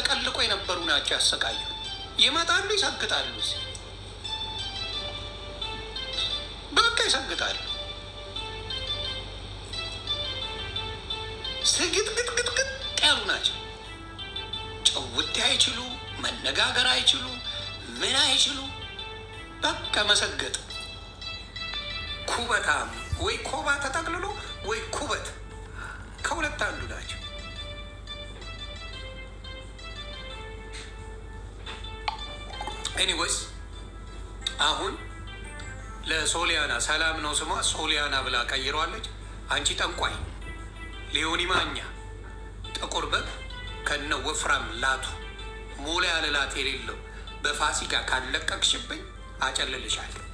ተለቀልቆ የነበሩ ናቸው ያሰቃዩ። ይመጣሉ፣ ይሰግጣሉ፣ በቃ ይሰግጣሉ። ስግጥግጥግጥግጥ ያሉ ናቸው። ጨውቴ አይችሉ፣ መነጋገር አይችሉ፣ ምን አይችሉ፣ በቃ መሰገጥ። ኩበታም ወይ ኮባ ተጠቅልሎ ወይ ኩበት ከሁለት አንዱ ናቸው። ኤኒዌይስ አሁን ለሶሊያና ሰላም ነው ስሟ ሶሊያና ብላ ቀይረዋለች። አንቺ ጠንቋይ ሊዮኒ ማኛ ጥቁር በግ ከነ ወፍራም ላቱ ሞላ ያለ ላት የሌለው በፋሲካ ካለቀቅሽብኝ አጨልልሻለሁ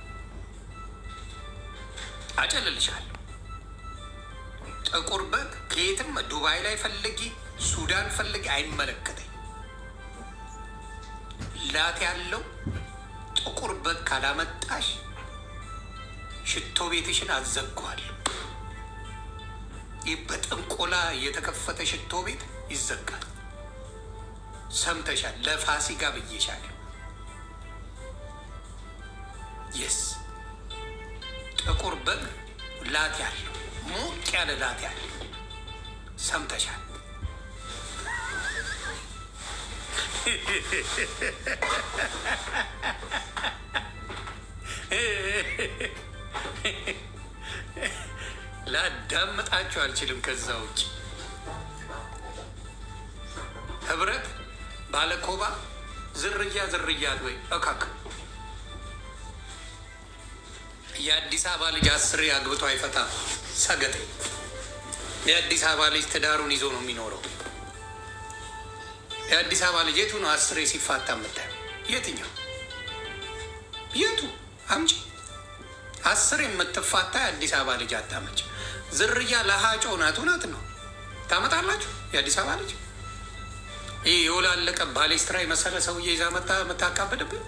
አጨልልሻለሁ። ጥቁር በግ ከየትም ዱባይ ላይ ፈልጊ፣ ሱዳን ፈልጊ፣ አይመለከተኝ ላት ያለው ጥቁር በግ ካላመጣሽ ሽቶ ቤትሽን አዘጓል። ይህ በጥንቆላ የተከፈተ ሽቶ ቤት ይዘጋል። ሰምተሻል? ለፋሲካ ብዬሻለሁ። የስ ጥቁር በግ ላት ያለው ሞቅ ያለ ላት ያለው ሰምተሻል? ላዳምጣችሁ አልችልም። ከዛ ውጭ ህብረት ባለኮባ ዝርያ ዝርያ ወይ እካክ የአዲስ አበባ ልጅ አስሬ አግብቶ አይፈታም። ሰገጤ የአዲስ አበባ ልጅ ትዳሩን ይዞ ነው የሚኖረው። የአዲስ አበባ ልጅ የቱ ነው አስሬ ሲፋታ የምታየው? የትኛው የቱ አምጪ አስር የምትፋታ የአዲስ አበባ ልጅ አታመጭ። ዝርያ ለሀጮ ናት። እውነት ነው ታመጣላችሁ። የአዲስ አበባ ልጅ ይህ የወላለቀ ባሌስትራ የመሰለ ሰውዬ ይዛ መታ የምታካብድብን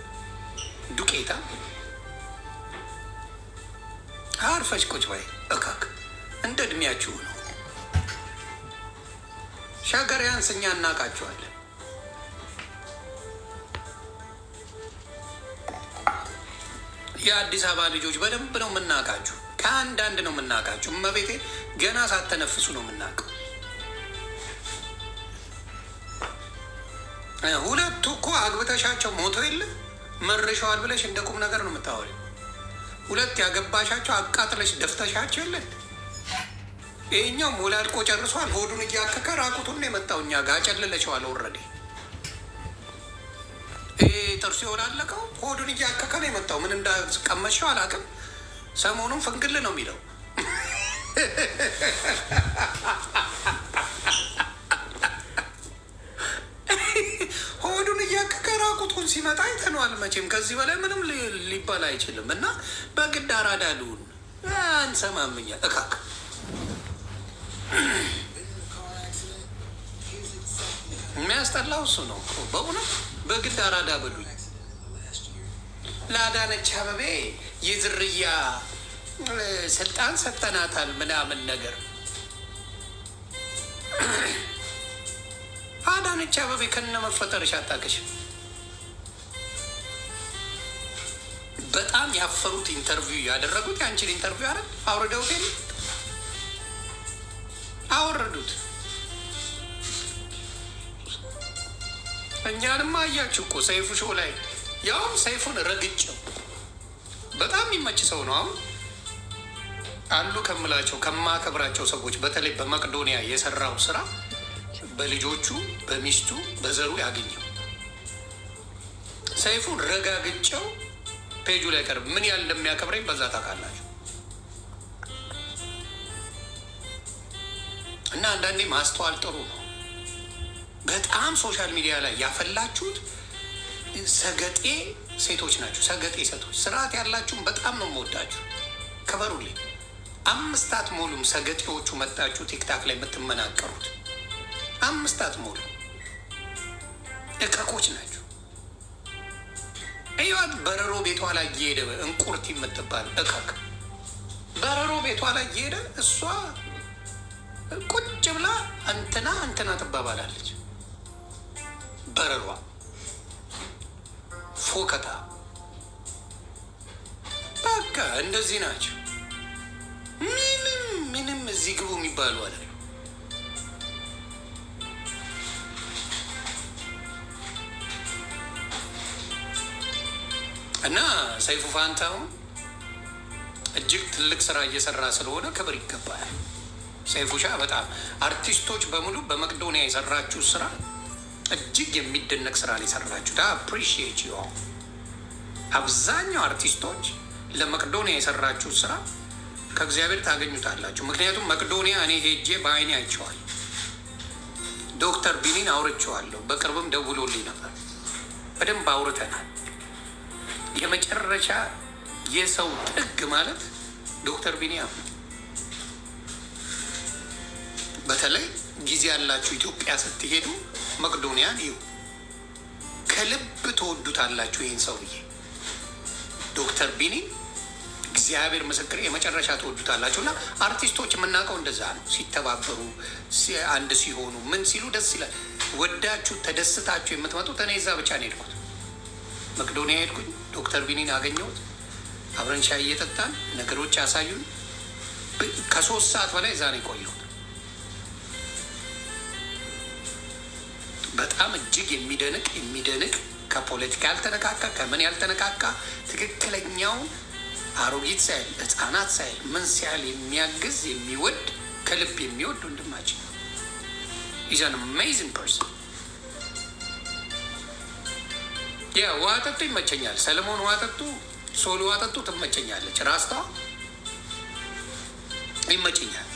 ዱቄታ። አርፈሽ ቁጭ በይ እካክ። እንደ እድሜያችሁ ነው። ሸገር ያንስ እኛ የአዲስ አበባ ልጆች በደንብ ነው የምናውቃችሁ። ከአንዳንድ ነው የምናውቃችሁ። እመቤቴ ገና ሳተነፍሱ ነው የምናውቀው። ሁለቱ እኮ አግብተሻቸው ሞቶ የለ መርሸዋል ብለሽ እንደ ቁም ነገር ነው የምታወሪ። ሁለት ያገባሻቸው አቃጥለሽ ደፍተሻቸው የለን። ይህኛው ሞላልቆ ጨርሷል። ሆዱን እያከከ ራቁቱን የመጣው እኛ ጋር ጨልለሸዋል። ወረዴ ጥርሱ የሆነ ሆዱን እያከከ ነው የመጣው። ምን እንዳቀመሸው አላውቅም። ሰሞኑን ፍንግል ነው የሚለው። ሆዱን እያከከ ራቁቱን ሲመጣ አይተነዋል። መቼም ከዚህ በላይ ምንም ሊባል አይችልም። እና በግድ አራዳ ልሁን አንሰማምኛ እካክ የሚያስጠላው እሱ ነው በእውነት በግድ አራዳ በሉኝ። ለአዳነች አበቤ የዝርያ ስልጣን ሰጠናታል ምናምን ነገር አዳነች አበቤ ከነ መፈጠርሽ አታውቅሽ። በጣም ያፈሩት ኢንተርቪው ያደረጉት የአንችን ኢንተርቪው አረ አውርደውት አወረዱት። እኛንም አያችሁ እኮ ሰይፉ ሾ ላይ ያውም ሰይፉን ረግጬው በጣም የሚመች ሰው ነው። አሁን አሉ ከምላቸው ከማከብራቸው ሰዎች በተለይ በመቅዶኒያ የሰራው ስራ በልጆቹ በሚስቱ በዘሩ ያገኘው ሰይፉን ረጋግጬው ፔጁ ላይ ቀርብ ምን ያህል እንደሚያከብረኝ በዛ ታውቃላችሁ። እና አንዳንዴ ማስተዋል ጥሩ ነው። በጣም ሶሻል ሚዲያ ላይ ያፈላችሁት ሰገጤ ሴቶች ናቸው። ሰገጤ ሴቶች ስርዓት ያላችሁም በጣም ነው የምወዳችሁ። ክበሩልኝ። አምስታት ሙሉም ሰገጤዎቹ መጣችሁ ቲክታክ ላይ የምትመናቀሩት አምስታት ሙሉ እቀቆች ናቸው። እያት በረሮ ቤቷ ላይ እየሄደ እንቁርት የምትባል እቀቅ በረሮ ቤቷ ላይ እየሄደ እሷ ቁጭ ብላ እንትና እንትና ትባባላለች። በረሯ ፎከታ በቃ እንደዚህ ናቸው። ምንም ምንም እዚህ ግቡ የሚባሉ አለ እና ሰይፉ ፋንታሁን እጅግ ትልቅ ስራ እየሰራ ስለሆነ ክብር ይገባል። ሰይፉ ሻ በጣም አርቲስቶች በሙሉ በመቅዶኒያ የሰራችሁ ስራ እጅግ የሚደነቅ ስራ ነው የሰራችሁት። አፕሪሺየት ዩ አብዛኛው አርቲስቶች ለመቅዶኒያ የሰራችሁት ስራ ከእግዚአብሔር ታገኙታላችሁ። ምክንያቱም መቅዶኒያ እኔ ሄጄ በአይኔ አይቼዋለሁ። ዶክተር ቢኒን አውርቼዋለሁ። በቅርብም ደውሎልኝ ነበር። በደንብ አውርተናል። የመጨረሻ የሰው ጥግ ማለት ዶክተር ቢኒያም በተለይ ጊዜ ያላችሁ ኢትዮጵያ ስትሄዱ መቅዶኒያን ይሁ ከልብ ትወዱታላችሁ ይህን ሰውዬ ዶክተር ቢኒ እግዚአብሔር ምስክር የመጨረሻ ትወዱታላችሁ። እና አርቲስቶች የምናውቀው እንደዛ ነው። ሲተባበሩ አንድ ሲሆኑ ምን ሲሉ ደስ ይላል። ወዳችሁ ተደስታችሁ የምትመጡት እኔ እዛ ብቻ ነው የሄድኩት። መቅዶኒያ ሄድኩኝ፣ ዶክተር ቢኒን አገኘሁት። አብረን ሻይ እየጠጣን ነገሮች ያሳዩን። ከሶስት ሰዓት በላይ እዛ ነው የቆየው። በጣም እጅግ የሚደንቅ የሚደንቅ ከፖለቲካ ያልተነካካ ከምን ያልተነካካ ትክክለኛውን አሮጊት ሳይል ህፃናት ሳይል ምን ሲያል የሚያግዝ የሚወድ ከልብ የሚወድ ወንድማችን ኢዝ አን አሜዚንግ ፐርሰን። ያ ውሃ ጠጡ ይመቸኛል። ሰለሞን ውሃ ጠጡ፣ ሶል ውሃ ጠጡ ትመቸኛለች። ራስታ ይመቸኛል።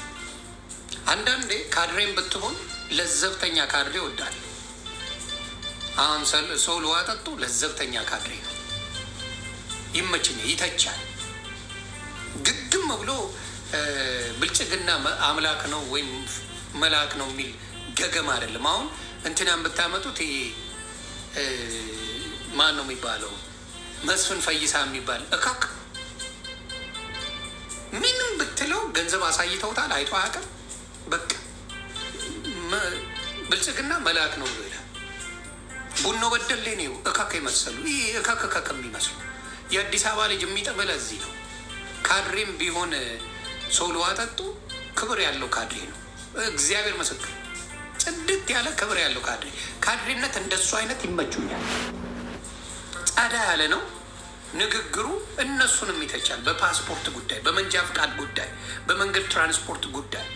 አንዳንዴ ካድሬን ብትሆን ለዘብተኛ ካድሬ ወዳለሁ። አሁን ሰው ልዋ ጠጡ ለዘብተኛ ካድሬ ነው። ይመችኛል፣ ይተቻል። ግድም ብሎ ብልጽግና አምላክ ነው ወይም መልአክ ነው የሚል ገገም አይደለም። አሁን እንትናን ብታመጡት ይሄ ማን ነው የሚባለው? መስፍን ፈይሳ የሚባል እካክ ምንም ብትለው ገንዘብ አሳይተውታል፣ አይቶ አያውቅም። በቃ ብልጽግና መልአክ ነው ብሎ ይላል። ቡኖ በደሌ ነው እካካ ይመሰሉ ይህ እካክ እካክ የሚመስሉ የአዲስ አበባ ልጅ የሚጠበለ እዚህ ነው። ካድሬም ቢሆን ሰው አጠጡ ክብር ያለው ካድሬ ነው። እግዚአብሔር ምስክር፣ ጽድት ያለ ክብር ያለው ካድሬ ካድሬነት እንደሱ አይነት ይመቹኛል። ጸዳ ያለ ነው ንግግሩ እነሱንም ይተቻል። በፓስፖርት ጉዳይ፣ በመንጃ ፍቃድ ጉዳይ፣ በመንገድ ትራንስፖርት ጉዳይ